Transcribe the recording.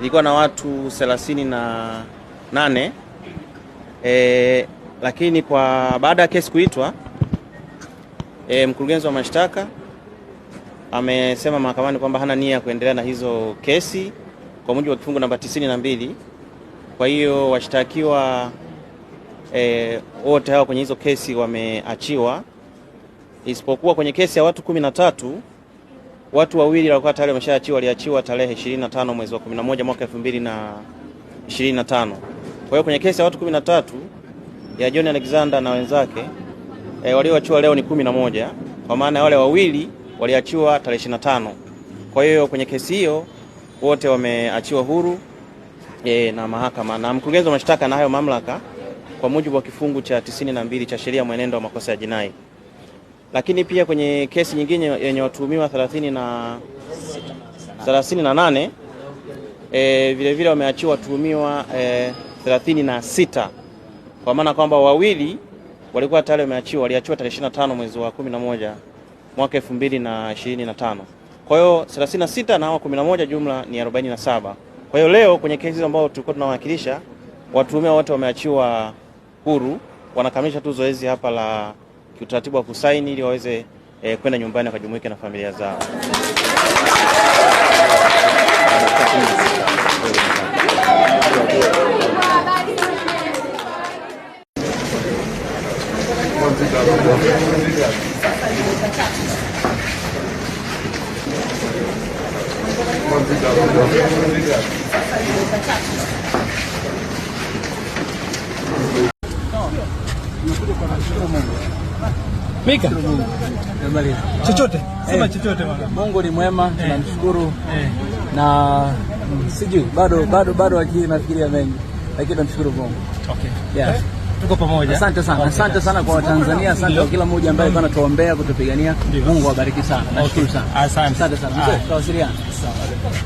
ilikuwa na watu thelathini na nane e, lakini kwa baada ya kesi kuitwa e, mkurugenzi wa mashtaka amesema mahakamani kwamba hana nia ya kuendelea na hizo kesi kwa mujibu wa kifungu namba tisini na mbili. Kwa hiyo washtakiwa e, wote hao kwenye hizo kesi wameachiwa isipokuwa kwenye kesi ya watu kumi na tatu watu wawili walikuwa tayari wameshaachiwa, waliachiwa tarehe 25 mwezi wa 11 mwaka 2025. Kwa hiyo kwenye kesi ya watu 13 ya John Alexander na wenzake e, walioachiwa leo ni 11, kwa maana wale wawili waliachiwa tarehe 25. Kwa hiyo kwenye kesi hiyo wote wameachiwa huru e, na mahakama na mkurugenzi wa mashtaka na hayo mamlaka kwa mujibu wa kifungu cha 92 cha sheria mwenendo wa makosa ya jinai. Lakini pia kwenye kesi nyingine yenye watuhumiwa 30 na nane eh, e, vilevile wameachiwa watuhumiwa e, eh, 36 kwa maana kwamba wawili walikuwa tayari wameachiwa, waliachiwa tarehe 25 mwezi wa 11 mwaka 25 Kwa hiyo 36 na hawa 11 jumla ni 47. Kwa hiyo leo kwenye kesi ambazo tulikuwa tunawakilisha watuhumiwa wote wameachiwa huru, wanakamilisha tu zoezi hapa la kiutaratibu wa kusaini ili waweze eh, kwenda nyumbani wakajumuike na familia zao. Mika chochote sema eh, chochote. Mungu ni mwema, eh. tunamshukuru eh. na mm, sijui bado bado bado akili nafikiria mengi, lakini tunamshukuru Mungu. Okay. Yes. Tuko pamoja. Asante sana. Asante sana kwa Watanzania, asante kwa kila mmoja ambaye alikuwa anatuombea kutupigania. Mungu awabariki sana. Nashukuru sana. Asante sana. Sawa.